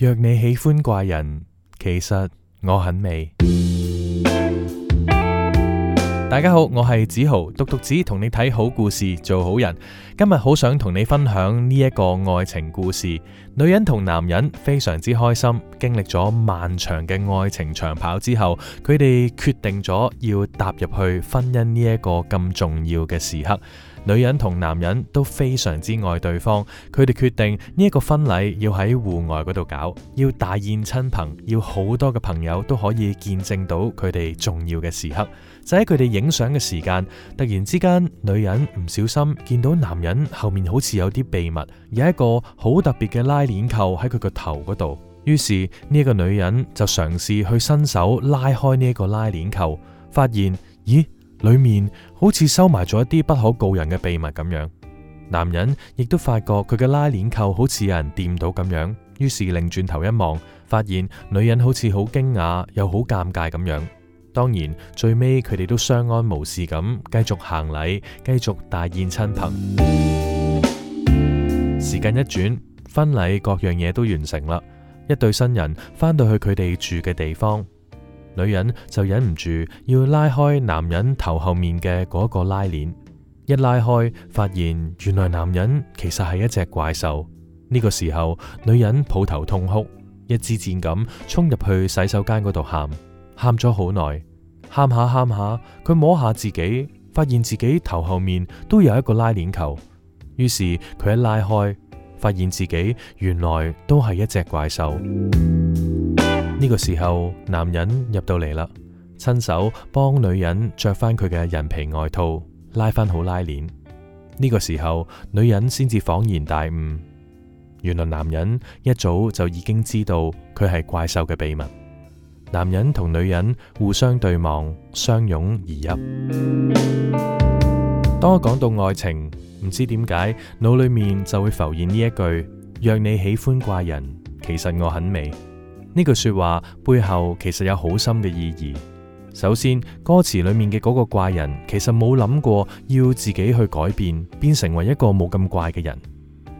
若你喜歡怪人，其實我很美。大家好，我係梓豪，獨讀子同你睇好故事，做好人。今日好想同你分享呢一個愛情故事。女人同男人非常之開心，經歷咗漫長嘅愛情長跑之後，佢哋決定咗要踏入去婚姻呢一個咁重要嘅時刻。女人同男人都非常之愛對方，佢哋決定呢一個婚禮要喺戶外嗰度搞，要大宴親朋，要好多嘅朋友都可以見證到佢哋重要嘅時刻。就喺佢哋影相嘅時間，突然之間，女人唔小心見到男人後面好似有啲秘密，有一個好特別嘅拉鏈扣喺佢個頭嗰度。於是呢一個女人就嘗試去伸手拉開呢一個拉鏈扣，發現，咦？裏面好似收埋咗一啲不可告人嘅秘密咁樣，男人亦都發覺佢嘅拉鏈扣好似有人掂到咁樣，於是擰轉頭一望，發現女人好似好驚訝又好尷尬咁樣。當然，最尾佢哋都相安無事咁，繼續行禮，繼續大宴親朋。 時間一轉，婚禮各樣嘢都完成啦，一對新人翻到去佢哋住嘅地方。女人就忍唔住要拉開男人頭後面嘅嗰個拉鏈，一拉開發現原來男人其實係一隻怪獸。呢個時候，女人抱頭痛哭，一支箭咁衝入去洗手間嗰度喊，喊咗好耐，喊下喊下，佢摸下自己，發現自己頭後面都有一個拉鏈球，於是佢一拉開，發現自己原來都係一隻怪獸。呢個時候，男人入到嚟啦，親手幫女人着翻佢嘅人皮外套，拉翻好拉鏈。呢、這個時候，女人先至恍然大悟，原來男人一早就已經知道佢係怪獸嘅秘密。男人同女人互相對望，相擁而泣。當我講到愛情，唔知點解腦裏面就會浮現呢一句：若你喜歡怪人，其實我很美。呢句說話背後其實有好深嘅意義。首先，歌詞裏面嘅嗰個怪人其實冇諗過要自己去改變，變成為一個冇咁怪嘅人。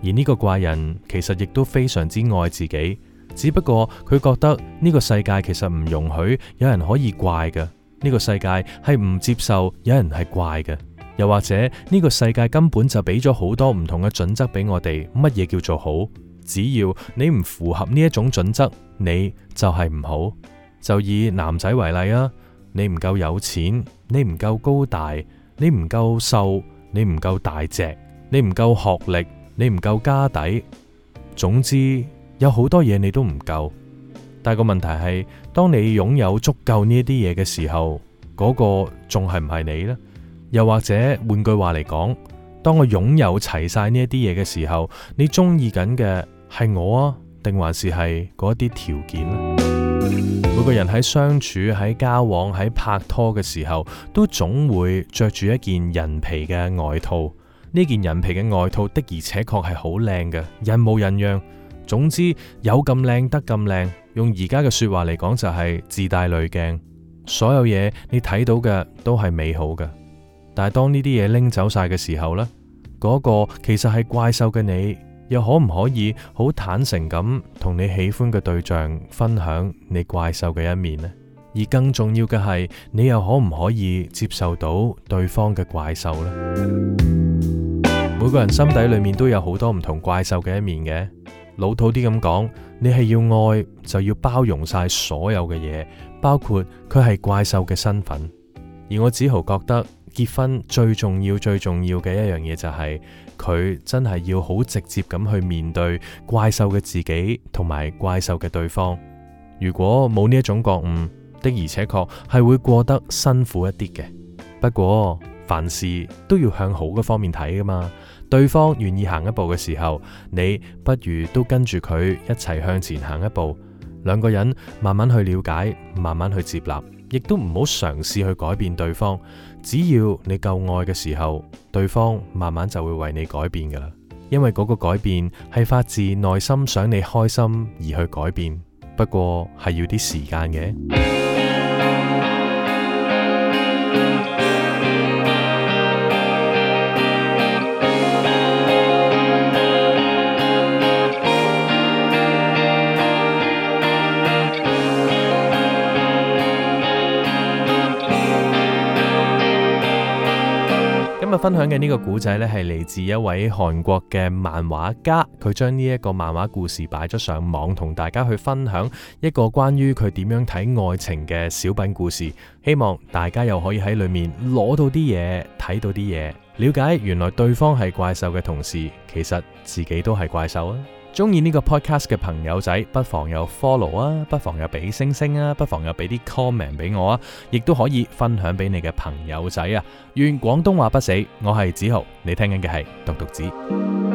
而呢個怪人其實亦都非常之愛自己，只不過佢覺得呢個世界其實唔容許有人可以怪嘅，呢個世界係唔接受有人係怪嘅。又或者呢個世界根本就俾咗好多唔同嘅準則俾我哋，乜嘢叫做好？只要你唔符合呢一種準則，你就係唔好。就以男仔為例啊，你唔夠有錢，你唔夠高大，你唔夠瘦，你唔夠大隻，你唔夠學歷，你唔夠家底，總之有好多嘢你都唔夠。但係個問題係，當你擁有足夠呢啲嘢嘅時候，嗰個仲係唔係你呢？又或者換句話嚟講，當我擁有齊晒呢啲嘢嘅時候，你中意緊嘅？係我啊，定還是係嗰啲條件咧？ 每個人喺相處、喺交往、喺拍拖嘅時候，都總會着住一件人皮嘅外套。呢件人皮嘅外套的而且確係好靚嘅，人模人樣。總之有咁靚得咁靚，用而家嘅說話嚟講就係自帶濾鏡。所有嘢你睇到嘅都係美好嘅，但係當呢啲嘢拎走晒嘅時候呢，嗰個其實係怪獸嘅你。又可唔可以好坦誠咁同你喜歡嘅對象分享你怪獸嘅一面呢？而更重要嘅係，你又可唔可以接受到對方嘅怪獸呢？每個人心底裏面都有好多唔同怪獸嘅一面嘅。老土啲咁講，你係要愛就要包容晒所有嘅嘢，包括佢係怪獸嘅身份。而我只好覺得。結婚最重要、最重要嘅一樣嘢就係，是，佢真係要好直接咁去面對怪獸嘅自己同埋怪獸嘅對方。如果冇呢一種覺悟，的而且確係會過得辛苦一啲嘅。不過凡事都要向好嘅方面睇㗎嘛。對方願意行一步嘅時候，你不如都跟住佢一齊向前行一步，兩個人慢慢去了解，慢慢去接納。亦都唔好嘗試去改變對方，只要你夠愛嘅時候，對方慢慢就會為你改變㗎喇。因為嗰個改變係發自內心想你開心而去改變，不過係要啲時間嘅。今日分享嘅呢個故仔呢，係嚟自一位韓國嘅漫畫家，佢將呢一個漫畫故事擺咗上網，同大家去分享一個關於佢點樣睇愛情嘅小品故事。希望大家又可以喺裏面攞到啲嘢，睇到啲嘢，了解原來對方係怪獸嘅同時，其實自己都係怪獸啊！中意呢個 podcast 嘅朋友仔，不妨又 follow 啊，不妨又俾星星啊，不妨又俾啲 comment 俾我啊，亦都可以分享俾你嘅朋友仔啊。願廣東話不死，我係梓豪，你聽緊嘅係獨讀子。